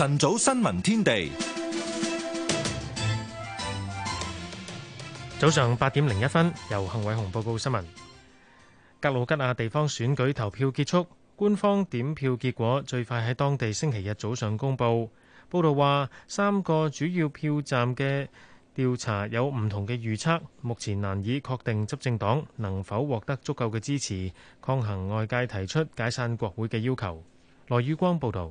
晨早新聞天地，早上八點零一分，由幸偉雄報告新聞。格魯吉亞地方選舉投票結束，官方點票結果最快喺當地星期日早上公布。報道話，三個主要票站嘅調查有唔同嘅預測，目前難以確定執政黨能否獲得足夠嘅支持，抗衡外界提出解散國會嘅要求。羅宇光報道。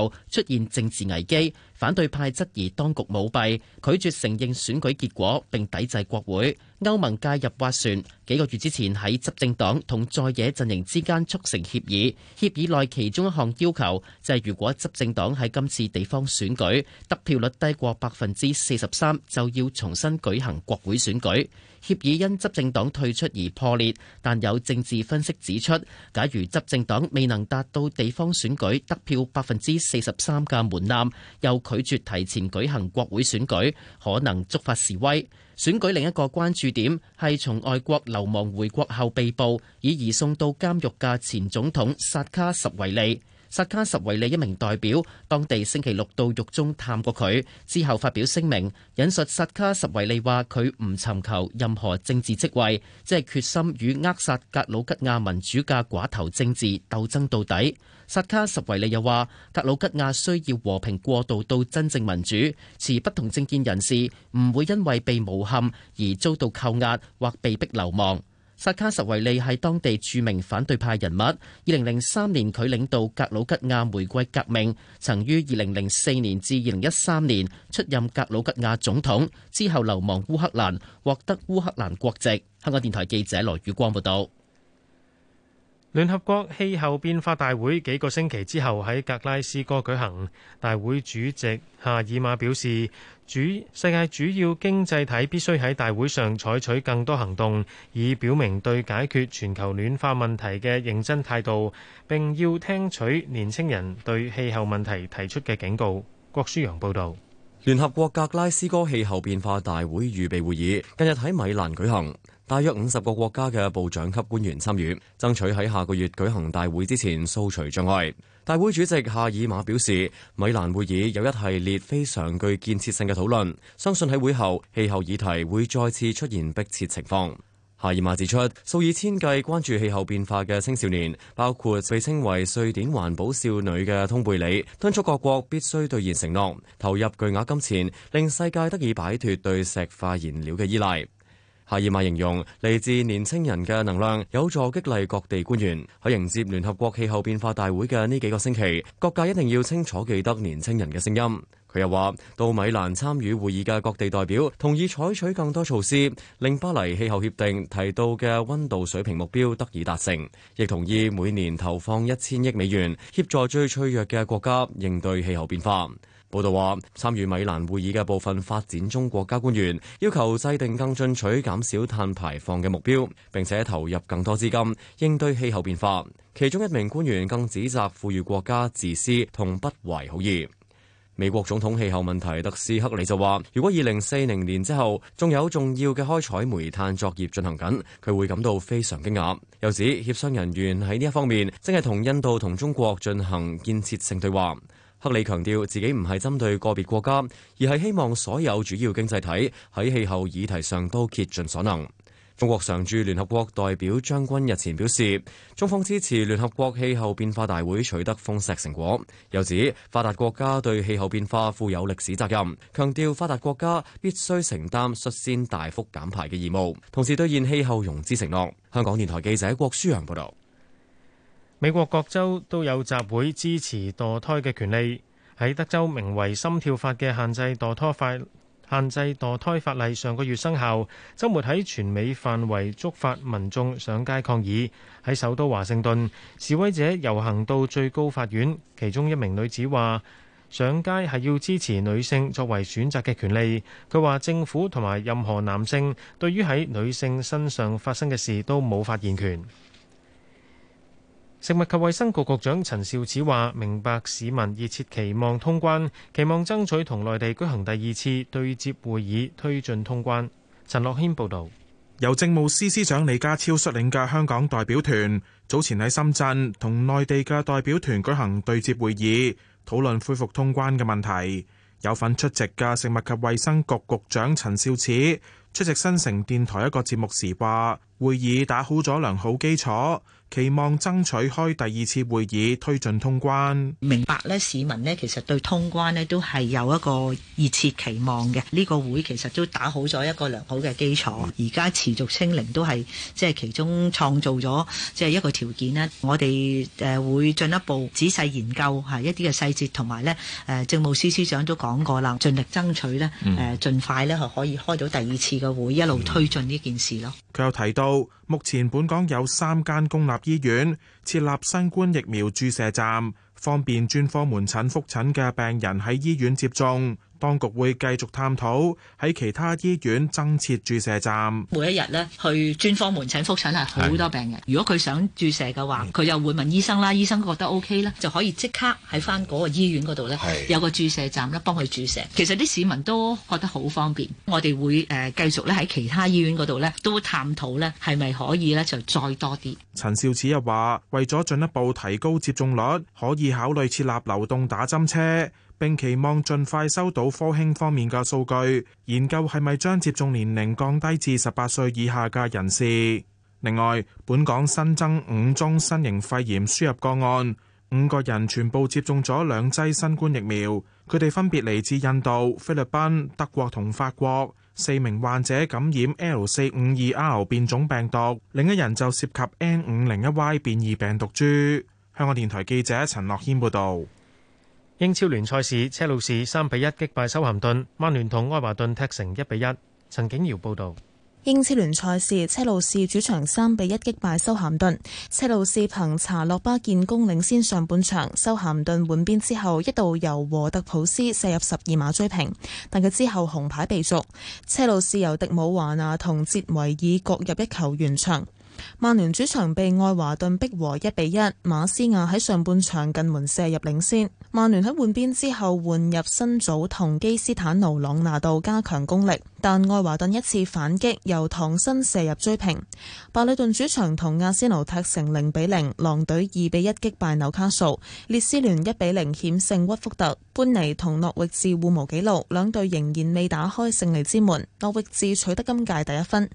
出現政治危機。反對派質疑當局舞弊，拒絕承認選舉結果並抵制國會。歐盟介入斡旋，幾個月之前喺執政黨同在野陣營之間促成協議。協議內其中一項要求就係、是，如果執政黨喺今次地方選舉得票率低過百分之四十三，就要重新舉行國會選舉。協議因執政黨退出而破裂，但有政治分析指出，假如執政黨未能達到地方選舉得票百分之四十三嘅門檻，由拒絕提前舉行國會選舉，可能觸發示威。選舉另一個關注點係從外國流亡回國後被捕，以移送到監獄嘅前總統薩卡什維利。薩卡什維利一名代表，當地星期六到獄中探過佢，之後發表聲明，引述薩卡什維利話：佢唔尋求任何政治職位，即係決心與扼殺格魯吉亞民主嘅寡頭政治鬥爭到底。薩卡什維利又話：格魯吉亞需要和平過渡到真正民主，持不同政見人士唔會因為被誣陷而遭到扣押或被逼流亡。薩卡什維利係當地著名反對派人物。二零零三年，佢領導格魯吉亞玫瑰革命，曾於二零零四年至二零一三年出任格魯吉亞總統，之後流亡烏克蘭，獲得烏克蘭國籍。香港電台記者羅宇光報道。聯合國氣候變化大會幾個星期之後喺格拉斯哥舉行，大會主席夏爾馬表示，主，世界主要經濟體必須喺大會上採取更多行動，以表明對解決全球暖化問題嘅認真態度，並要聽取年輕人對氣候問題提出嘅警告。郭舒陽報導。聯合國格拉斯哥氣候變化大會預備會議近日喺米蘭舉行。大約五十個國家嘅部長級官員參與，爭取喺下個月舉行大會之前掃除障礙。大會主席夏爾馬表示，米蘭會議有一系列非常具建設性嘅討論，相信喺會後氣候議題會再次出現迫切情況。夏爾馬指出，數以千計關注氣候變化嘅青少年，包括被稱為瑞典環保少女嘅通貝里，敦促各國必須兌現承諾，投入巨額金錢，令世界得以擺脫對石化燃料嘅依賴。夏爾馬形容嚟自年輕人嘅能量有助激勵各地官員，喺迎接聯合國氣候變化大會嘅呢幾個星期，各界一定要清楚記得年輕人嘅聲音。佢又話，到米蘭參與會議嘅各地代表同意採取更多措施，令巴黎氣候協定提到嘅溫度水平目標得以達成，亦同意每年投放一千億美元協助最脆弱嘅國家應對氣候變化。報道話，參與米蘭會議嘅部分發展中國家官員要求制定更進取、減少碳排放嘅目標，並且投入更多資金應對氣候變化。其中一名官員更指責富裕國家自私同不懷好意。美國總統氣候問題特使克里就話，如果二零四零年之後仲有重要嘅開採煤炭作業進行緊，佢會感到非常驚訝。又指協商人員喺呢一方面，正係同印度同中國進行建設性對話。克里強調自己唔係針對個別國家，而係希望所有主要經濟體喺氣候議題上都竭盡所能。中國常駐聯合國代表張軍日前表示，中方支持聯合國氣候變化大會取得豐碩成果，又指發達國家對氣候變化負有歷史責任，強調發達國家必須承擔率先大幅減排嘅義務，同時兌現氣候融資承諾。香港電台記者郭舒揚報道。美國各州都有集會支持墮胎嘅權利。喺德州名為心跳法嘅限制墮胎法限制墮胎法例上個月生效，週末喺全美範圍觸發民眾上街抗議。喺首都華盛頓，示威者遊行到最高法院，其中一名女子話：上街係要支持女性作為選擇嘅權利。佢話政府同埋任何男性對於喺女性身上發生嘅事都冇發言權。食物及衛生局局長陳肇始話：明白市民熱切期望通關，期望爭取同內地舉行第二次對接會議，推進通關。陳樂軒報導。由政務司司長李家超率領嘅香港代表團，早前喺深圳同內地嘅代表團舉行對接會議，討論恢復通關嘅問題。有份出席嘅食物及衛生局局長陳肇始出席新城電台一個節目時話：會議打好咗良好基礎。期望爭取開第二次會議，推進通關。明白咧，市民咧其實對通關咧都係有一個熱切期望嘅。呢個會其實都打好咗一個良好嘅基礎，而家持續清零都係即係其中創造咗即係一個條件啦。我哋誒會進一步仔細研究吓一啲嘅細節，同埋咧誒政務司司長都講過啦，盡力爭取咧誒盡快咧可可以開到第二次嘅會，一路推進呢件事咯。mm hmm. 佢又提到，目前本港有三間公立醫院設立新冠疫苗注射站，方便專科門診覆診嘅病人喺醫院接種。當局會繼續探討喺其他醫院增設注射站。每一日咧，去專科門診覆診係好多病人。是如果佢想注射嘅話，佢又會問醫生啦，醫生覺得 O K 啦，就可以即刻喺翻嗰個醫院嗰度呢，是有個注射站咧幫佢注射。其實啲市民都覺得好方便。我哋會誒繼續咧喺其他醫院嗰度呢，都探討咧係咪可以呢，就再多啲。陳肇始又話：為咗進一步提高接種率，可以考慮設立流動打針車。並期望盡快收到科興方面嘅數據，研究係咪將接種年齡降低至十八歲以下嘅人士。另外，本港新增五宗新型肺炎輸入個案，五個人全部接種咗兩劑新冠疫苗，佢哋分別嚟自印度、菲律賓、德國同法國。四名患者感染 L 四五二 R 變種病毒，另一人就涉及 N 五零一 Y 變異病毒株。香港電台記者陳樂謙報道。英超聯賽事，車路士三比一擊敗修咸頓，曼聯同埃華頓踢成一比一。陳景瑤報道：英超聯賽事，車路士主場三比一擊敗修咸頓。車路士憑查洛巴建功領先上半場，修咸頓換邊之後一度由和德普斯射入十二碼追平，但佢之後紅牌被逐。車路士由迪姆華納同捷維爾各入一球完場。曼聯主場被愛華頓逼和一比一，馬斯亞喺上半場近門射入領先。曼聯喺換邊之後換入新祖同基斯坦奴·朗拿度加強攻力。但愛華頓一次反擊由唐新射入追平。白里頓主場同阿仙奴踢成零比零，狼隊二比一擊敗紐卡素。列斯聯一比零險勝屈福特。潘尼同諾域治互無紀錄，兩隊仍然未打開勝利之門。諾域治取得今屆第一分。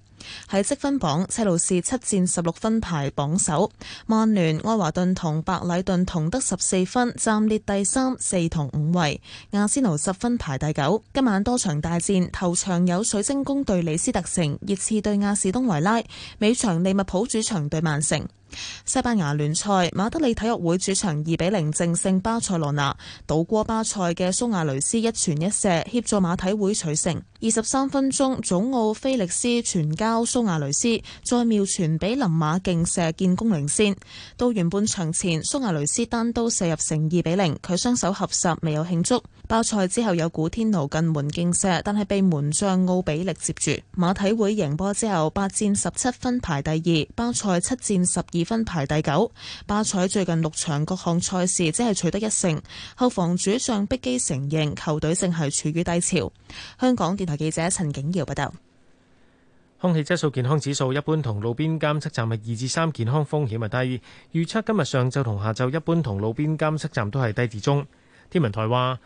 喺積分榜，車路士七戰十六分排榜首。曼聯、愛華頓同白里頓同得十四分，暫列第三、四同五位。阿仙奴十分排第九。今晚多場大戰，頭場有。有水晶宮對李斯特城，熱刺對阿士東維拉，尾場利物浦主場對曼城。西班牙聯賽，馬德里體育會主場二比零正勝巴塞羅那。倒過巴塞嘅蘇亞雷斯一傳一射，協助馬體會取勝。二十三分鐘，祖奧菲力斯傳交蘇亞雷斯，再妙傳俾林馬勁射建功領先。到完半場前，蘇亞雷斯單刀射入成二比零，佢雙手合十，未有慶祝。巴塞之後有古天奴近門勁射，但係被門將奧比力接住。馬體會贏波之後，八戰十七分排第二，巴塞七戰十二。分排第九，巴塞最近六場各項賽事只係取得一勝。後防主將逼基承認球隊正係處於低潮。香港電台記者陳景瑤報道。空氣質素健康指數一般同路邊監測站係二至三，健康風險係低。預測今日上晝同下晝一般同路邊監測站都係低至中。天文台話。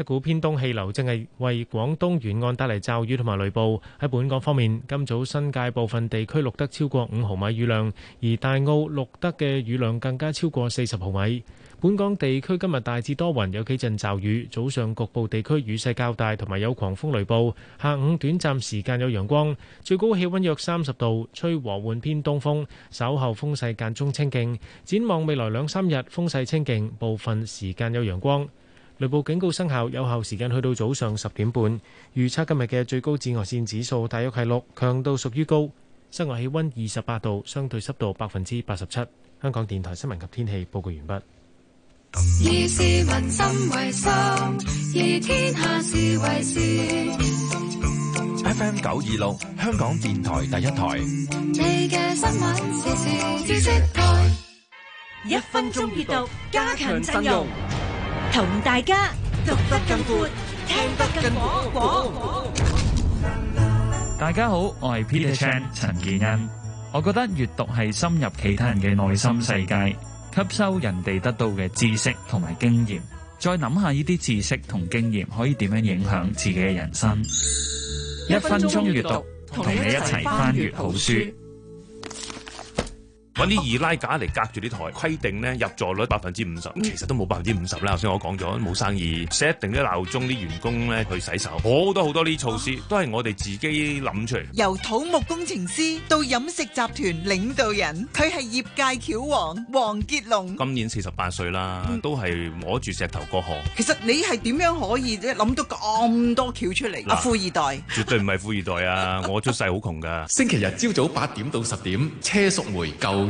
一股偏東氣流正係為廣東沿岸帶嚟驟雨同埋雷暴。喺本港方面，今早新界部分地區錄得超過五毫米雨量，而大澳錄得嘅雨量更加超過四十毫米。本港地區今日大致多雲，有幾陣驟雨，早上局部地區雨勢較大，同埋有狂風雷暴。下午短暫時間有陽光，最高氣溫約三十度，吹和緩偏東風，稍後風勢間中清勁。展望未來兩三日，風勢清勁，部分時間有陽光。雷暴警告生效，有效時間去到早上十點半。預測今日嘅最高紫外線指數大約係六，強度屬於高。室外氣温二十八度，相對濕度百分之八十七。香港電台新聞及天氣報告完畢。以市民心為心，以天下事為事。FM 九二六，香港電台第一台。你嘅新聞時事知識台，一分鐘閱讀，加強陣容。同大家讀得更闊，聽得更廣。更大家好，我係 Peter Chan, Peter Chan 陳建恩。 我覺得閱讀係深入其他人嘅內心世界，吸收人哋得到嘅知識同埋經驗，再諗下呢啲知識同經驗可以點樣影響自己嘅人生。一分鐘閱讀，同你一齊翻閱好書。揾啲 二拉架嚟隔住啲台，規定咧入座率百分之五十，其實都冇百分之五十啦。頭先我講咗冇生意，set 定啲鬧鐘，啲員工咧去洗手，好多好多啲措施都係我哋自己諗出嚟。由土木工程師到飲食集團領導人，佢係業界橋王，王傑龍。今年四十八歲啦，都係摸住石頭過河。其實你係點樣可以咧諗到咁多橋出嚟？啊喇，富二代，絕對唔係富二代啊！ 我出世好窮噶。星期日朝早八點到十點，車淑梅舊。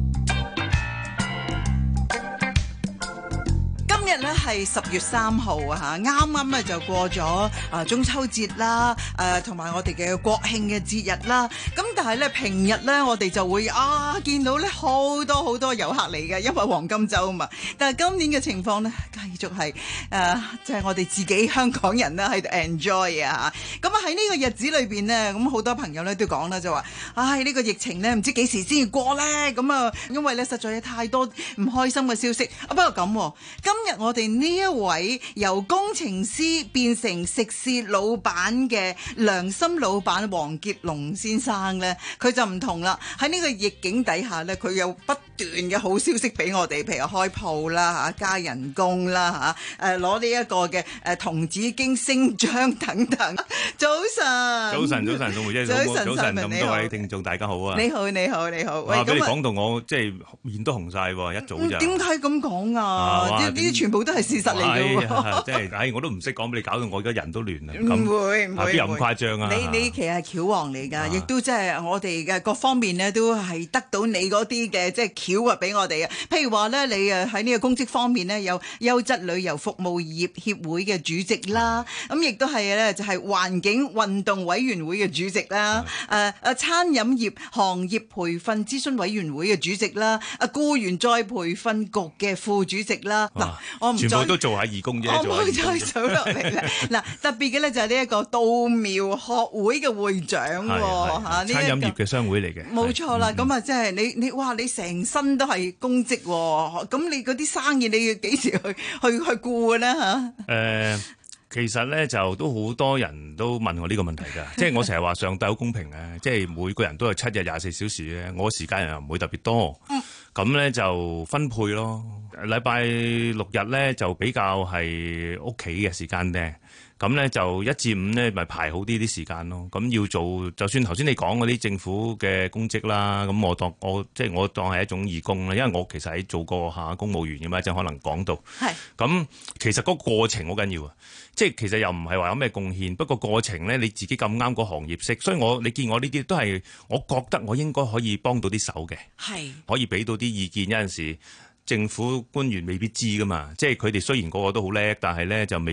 係十月三號啊，啱啱咧就過咗啊中秋節啦，誒同埋我哋嘅國慶嘅節日啦。咁、啊、但係咧平日咧我哋就會啊見到咧好多好多遊客嚟嘅，因為黃金周啊嘛。但係今年嘅情況咧，繼續係誒即係我哋自己香港人咧喺度 enjoy 啊。咁啊喺呢個日子裏邊咧，咁、啊、好多朋友咧都講啦，就話唉呢個疫情咧唔知幾時先至過咧。咁啊因為咧實在有太多唔開心嘅消息。不過咁、啊、今日我哋。呢一位由工程師變成食肆老闆嘅良心老闆黃傑龍先生咧，佢就唔同啦。喺呢個逆境底下咧，佢有不斷嘅好消息俾我哋，譬如開鋪啦、吓加人工啦、吓誒攞呢一個嘅誒童子經升章等等。早晨，早晨，早晨，早晨，早晨，咁多位聽眾大家好啊！你好，你好，你好。喂！今日講到我即係面都紅晒，一早就。點解咁講啊？呢啲全部都係。事實嚟嘅即係我都唔識講俾你搞，搞到我而家人都亂啦。唔會唔會咁、啊、誇張啊？你你其實係橋王嚟㗎，亦都即係我哋嘅各方面咧，都係得到你嗰啲嘅即係橋啊，俾我哋啊。譬如話咧，你誒喺呢個公職方面咧，有優質旅遊服務業協會嘅主席啦，咁亦都係咧就係環境運動委員會嘅主席啦，誒誒、嗯啊、餐飲業行業培訓諮詢委員會嘅主席啦，啊雇員再培訓局嘅副主席啦。嗱我唔。我都做下義工啫，我冇再做落嚟啦。嗱，特別嘅咧就係呢一個稻苗學會嘅會長喎嚇，餐飲業嘅商會嚟嘅，冇錯啦。咁啊，即係你你哇，你成身都係公職喎，咁你嗰啲生意你要幾時去去去顧嘅咧嚇？誒。其實咧就都好多人都問我呢個問題㗎，即係 我成日話上帝好公平嘅，即係每個人都有七日廿四小時嘅，我時間又唔會特別多，咁咧就分配咯。禮拜六日咧就比較係屋企嘅時間咧。咁咧就一至五咧咪排好啲啲時間咯。咁要做，就算頭先你講嗰啲政府嘅公職啦，咁我當我即係我當係一種義工啦。因為我其實喺做過下公務員嘅嘛，就可能講到。係。咁其實嗰個過程好緊要啊，即係其實又唔係話有咩貢獻，不過過程咧你自己咁啱個行業識，所以我你見我呢啲都係，我覺得我應該可以幫到啲手嘅。係。可以俾到啲意見，有陣時政府官員未必知噶嘛，即係佢哋雖然個個都好叻，但係咧就未。